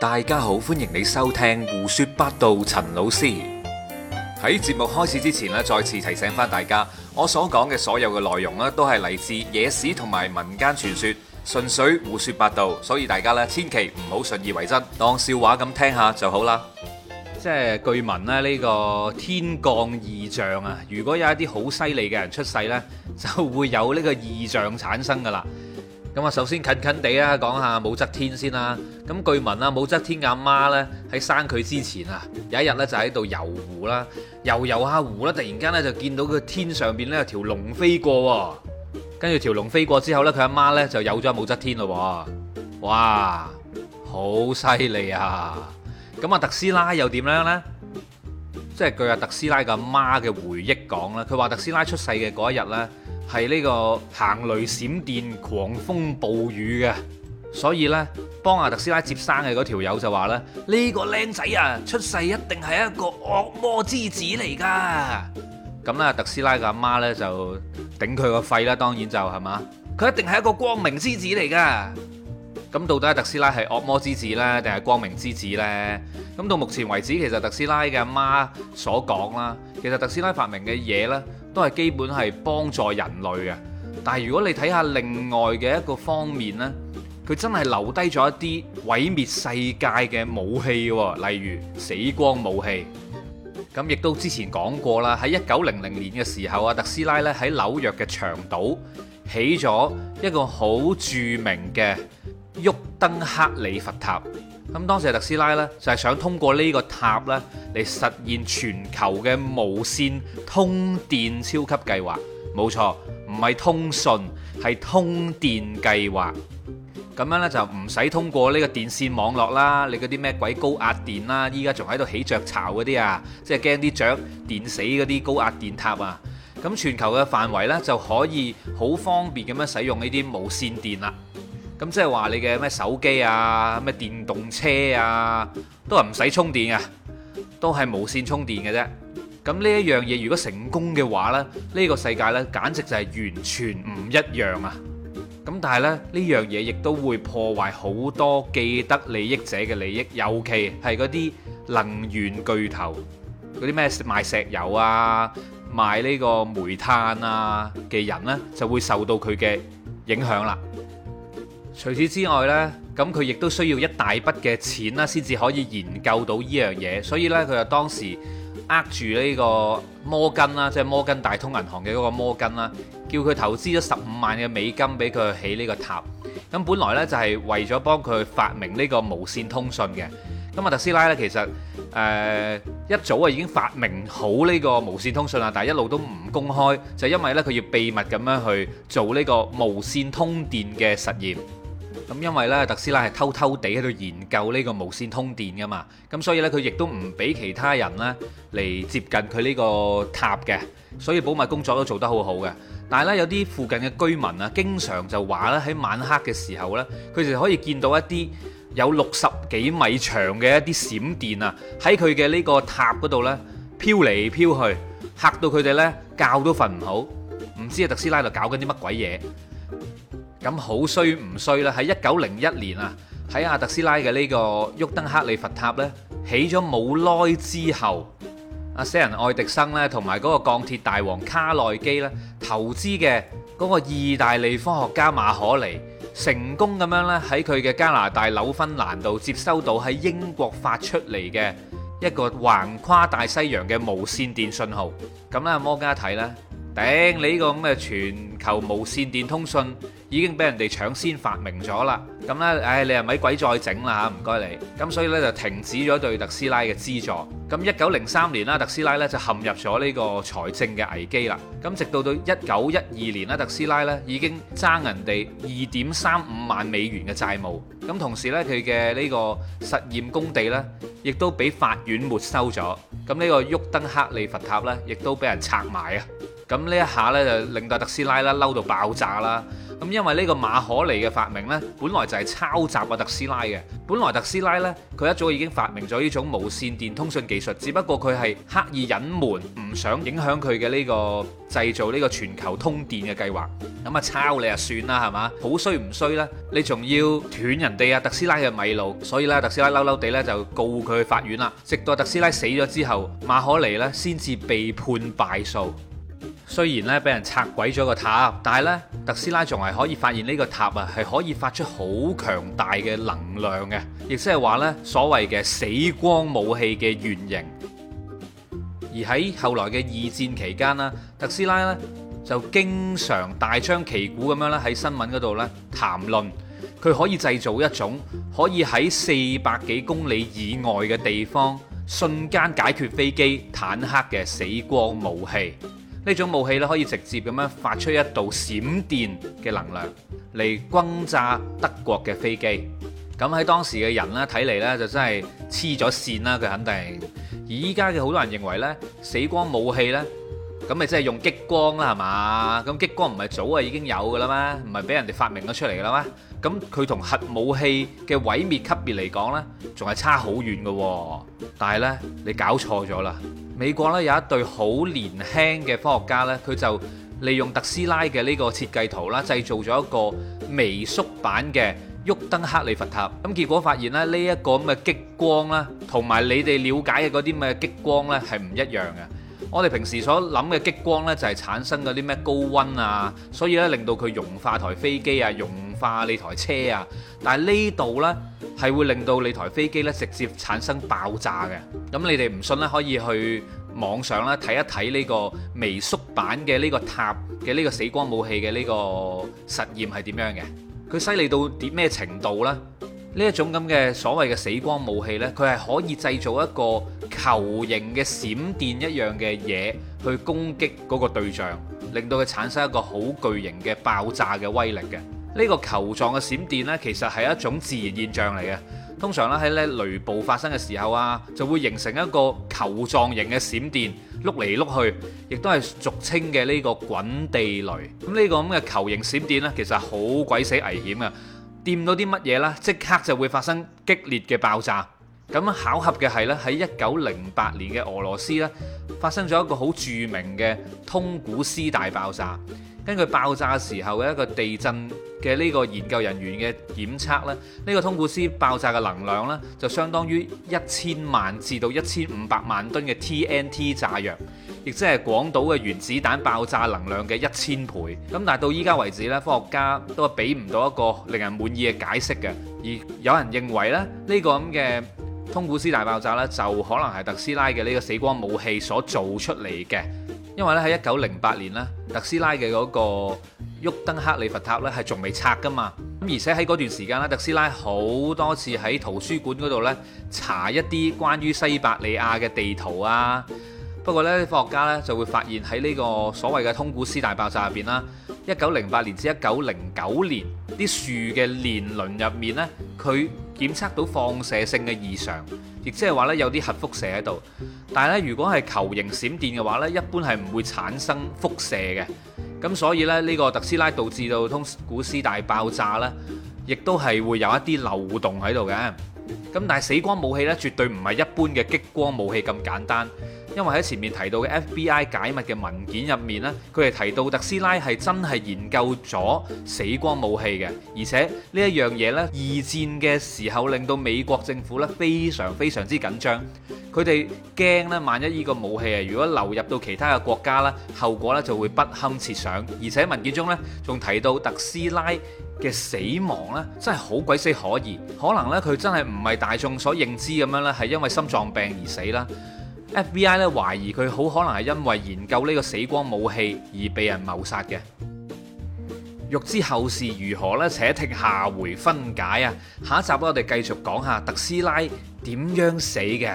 大家好，歡迎你收聽胡說八道。陳老師喺節目開始之前咧，再次提醒翻大家，我所講嘅所有嘅內容咧，都係嚟自野史同埋民間傳說，純粹胡說八道，所以大家咧，千祈唔好信以為真，當笑話咁聽下就好啦。即係據聞咧，呢個天降異象啊，如果有一啲好犀利嘅人出世咧，就會有呢個異象產生噶啦。咁啊，首先近近地啊，講下武則天先啦。咁據聞啊，武則天嘅阿媽呢，喺生佢之前啊，有一日呢，就喺度遊湖啦，游游下湖啦，突然間呢，就見到佢天上邊呢有條龍飛過，跟住條龍飛過之後呢，佢阿媽呢，就有咗武則天啦喎，哇，好犀利啊！咁啊，特斯拉又點樣呢？即係據阿特斯拉嘅媽嘅回憶講啦，佢話特斯拉出世嘅嗰一日咧係呢個行雷閃電、狂風暴雨嘅，所以呢，幫阿特斯拉接生嘅嗰條友就話咧，呢個僆仔啊出世一定係一個惡魔之子嚟噶。咁、嗯、咧，特斯拉嘅媽呢就頂佢個肺啦，當然就係嘛，佢一定係一個光明之子嚟噶。咁到底特斯拉係惡魔之子呢，定係光明之子呢？咁到目前為止，其實特斯拉嘅阿媽所講啦，其實特斯拉發明嘅嘢呢，都係基本係幫助人類嘅。但係如果你睇下另外嘅一個方面呢，佢真係留低咗一啲毀滅世界嘅武器，例如死光武器。咁亦都之前講過啦，喺一九零零年嘅時候啊，特斯拉咧喺紐約嘅長島起咗一個好著名嘅沃登克里佛塔，咁當時特斯拉咧就係、是、想通過呢個塔咧嚟實現全球嘅無線通電超級計劃，冇錯，唔係通訊，係通電計劃。咁樣咧就唔使通過呢個電線網絡啦，你嗰啲咩鬼高壓電啦，依家仲喺度起雀巢嗰啲啊，即係驚啲雀電死嗰啲高壓電塔啊。咁全球嘅範圍咧就可以好方便咁樣使用呢啲無線電啦。咁即係話你嘅咩手機啊，咩電動車啊，都係唔使充電啊，都係無線充電嘅啫。咁呢一樣嘢如果成功嘅話呢，呢個世界呢簡直就係完全唔一樣啊。咁但係呢呢樣嘢亦都會破壞好多既得利益者嘅利益，尤其係嗰啲能源巨頭嗰啲咩賣石油啊、賣呢個煤炭啊嘅人呢，就會受到佢嘅影響啦。除此之外呢，咁佢亦都需要一大筆嘅錢啦，先至可以研究到呢樣嘢。所以呢，佢就當時呃住呢個摩根啦，即係摩根大通銀行嘅嗰個摩根啦，叫佢投資咗十五萬嘅美金俾佢起呢個塔。咁本來呢，就係為咗幫佢發明呢個無線通訊嘅。咁啊，特斯拉呢，其實誒、呃、一早啊已經發明好呢個無線通訊啦，但係一路都唔公開，就是、因為呢，佢要秘密咁樣去做呢個無線通電嘅實驗。咁因為咧，特斯拉係偷偷地喺度研究呢個無線通電㗎嘛，咁所以咧，佢亦都唔俾其他人咧嚟接近佢呢個塔嘅，所以保密工作都做得好好嘅。但係咧，有啲附近嘅居民啊，經常就話咧，喺晚黑嘅時候咧，佢哋可以見到一啲有六十幾米長嘅一啲閃電啊，喺佢嘅呢個塔嗰度咧飄嚟飄去，嚇到佢哋咧，覺都瞓唔好，唔知啊特斯拉度搞緊啲乜鬼嘢。咁好衰唔衰啦？喺一九零一年啊，喺阿特斯拉嘅呢個沃登克里佛塔呢起咗冇耐之後，阿死人愛迪生呢同埋嗰個鋼鐵大王卡內基呢投資嘅嗰個意大利科學家馬可尼成功咁樣呢，喺佢嘅加拿大紐芬蘭度接收到喺英國發出嚟嘅一個橫跨大西洋嘅無線電信號。咁咧，摩加睇呢頂你呢個咁嘅全球無線電通信！已經俾人哋搶先發明咗啦，咁呢、哎，你又咪鬼再整啦吓唔該你，咁所以呢，就停止咗對特斯拉嘅資助。咁一九零三年啦，特斯拉呢就陷入咗呢個財政嘅危機啦。咁直到到一九一二年啦，特斯拉呢已經爭人哋二點三五萬美元嘅債務。咁同時呢，佢嘅呢個實驗工地呢亦都俾法院沒收咗。咁呢個沃登克利佛塔呢，亦都俾人拆埋啊！咁呢一下呢，就令到特斯拉啦嬲到爆炸啦。咁因為呢個馬可尼嘅發明呢，本來就係抄襲阿特斯拉嘅。本來特斯拉呢，佢一早已經發明咗呢種無線電通訊技術，只不過佢係刻意隱瞞，唔想影響佢嘅呢個製造呢個全球通電嘅計劃。咁啊，抄你啊算啦，係嘛？好衰唔衰呢？你仲要斷人哋啊特斯拉嘅米路，所以呢，特斯拉嬲嬲地呢，就告佢去法院啦。直到特斯拉死咗之後，馬可尼呢先至被判敗訴。雖然咧俾人拆鬼咗個塔，但係咧特斯拉仲係可以發現呢個塔啊，係可以發出好強大嘅能量嘅，亦即係話咧所謂嘅死光武器嘅原型。而喺後來嘅二戰期間啦，特斯拉咧就經常大張旗鼓咁樣咧喺新聞嗰度咧談論佢可以製造一種可以喺四百幾公里以外嘅地方瞬間解決飛機、坦克嘅死光武器。呢種武器咧，可以直接咁樣發出一道閃電嘅能量嚟轟炸德國嘅飛機。咁喺當時嘅人啦睇嚟呢，就真係黐咗線啦，佢肯定。而依家嘅好多人認為呢，死光武器呢，咁咪真係用激光啦，係嘛？咁激光唔係早啊已經有嘅啦咩？唔係俾人哋發明咗出嚟嘅啦咩？咁佢同核武器嘅毀滅級別嚟講呢，仲係差好遠嘅。但係呢，你搞錯咗啦。美國咧有一對好年輕嘅科學家咧，佢就利用特斯拉嘅呢個設計圖啦，製造咗一個微縮版嘅沃登克里弗塔。咁結果發現咧，呢一個咁嘅激光啦，同埋你哋了解嘅嗰啲咁嘅激光咧係唔一樣嘅。我哋平時所諗嘅激光咧，就係產生嗰啲咩高溫啊，所以咧令到佢融化台飛機啊融化你台車啊！但係呢度咧係會令到你台飛機咧直接產生爆炸嘅。咁你哋唔信咧，可以去網上啦睇一睇呢個微縮版嘅呢個塔嘅呢個死光武器嘅呢個實驗係點樣嘅？佢犀利到點咩程度咧？呢一種咁嘅所謂嘅死光武器咧，佢係可以製造一個球形嘅閃電一樣嘅嘢去攻擊嗰個對象，令到佢產生一個好巨型嘅爆炸嘅威力嘅。呢個球狀嘅閃電呢，其實係一種自然現象嚟嘅。通常咧喺咧雷暴發生嘅時候啊，就會形成一個球狀型嘅閃電，碌嚟碌去，亦都係俗稱嘅呢個滾地雷。咁呢個咁嘅球形閃電呢，其實好鬼死危險啊，掂到啲乜嘢呢，即刻就會發生激烈嘅爆炸。咁巧合嘅係呢，喺一九零八年嘅俄羅斯呢，發生咗一個好著名嘅通古斯大爆炸。根據爆炸的時候嘅一個地震嘅呢個研究人員嘅檢測咧，呢、呢個通古斯爆炸嘅能量呢，就相當於一千萬至到一千五百萬噸嘅 TNT 炸藥，亦即係廣島嘅原子彈爆炸能量嘅一千倍。咁但係到依家為止咧，科學家都係俾唔到一個令人滿意嘅解釋嘅。而有人認為咧，呢、呢個咁嘅通古斯大爆炸呢，就可能係特斯拉嘅呢個死光武器所做出嚟嘅。因為咧喺一九零八年咧，特斯拉嘅嗰個沃登克里佛塔咧係仲未拆㗎嘛。咁而且喺嗰段時間咧，特斯拉好多次喺圖書館嗰度咧查一啲關於西伯利亞嘅地圖啊。不過咧，科學家咧就會發現喺呢個所謂嘅通古斯大爆炸入邊啦，一九零八年至一九零九年啲樹嘅年輪入面咧，佢檢測到放射性嘅異常。亦即係話咧，有啲核輻射喺度，但係咧，如果係球形閃電嘅話咧，一般係唔會產生輻射嘅。咁所以咧，呢個特斯拉導致到通古斯大爆炸咧，亦都係會有一啲漏洞喺度嘅。咁但係，死光武器咧，絕對唔係一般嘅激光武器咁簡單。因為喺前面提到嘅 FBI 解密嘅文件入面呢，佢哋提到特斯拉係真係研究咗死光武器嘅，而且呢一樣嘢呢，二戰嘅時候令到美國政府呢，非常非常之緊張，佢哋驚呢，萬一呢個武器啊，如果流入到其他嘅國家啦，後果呢就會不堪設想。而且文件中呢仲提到特斯拉嘅死亡呢，真係好鬼死可疑，可能呢佢真係唔係大眾所認知咁樣呢，係因為心臟病而死啦。FBI 咧，懷疑佢好可能係因為研究呢個死光武器而被人謀殺嘅。欲知後事如何咧，且聽下回分解啊！下一集我哋繼續講下特斯拉點樣死嘅。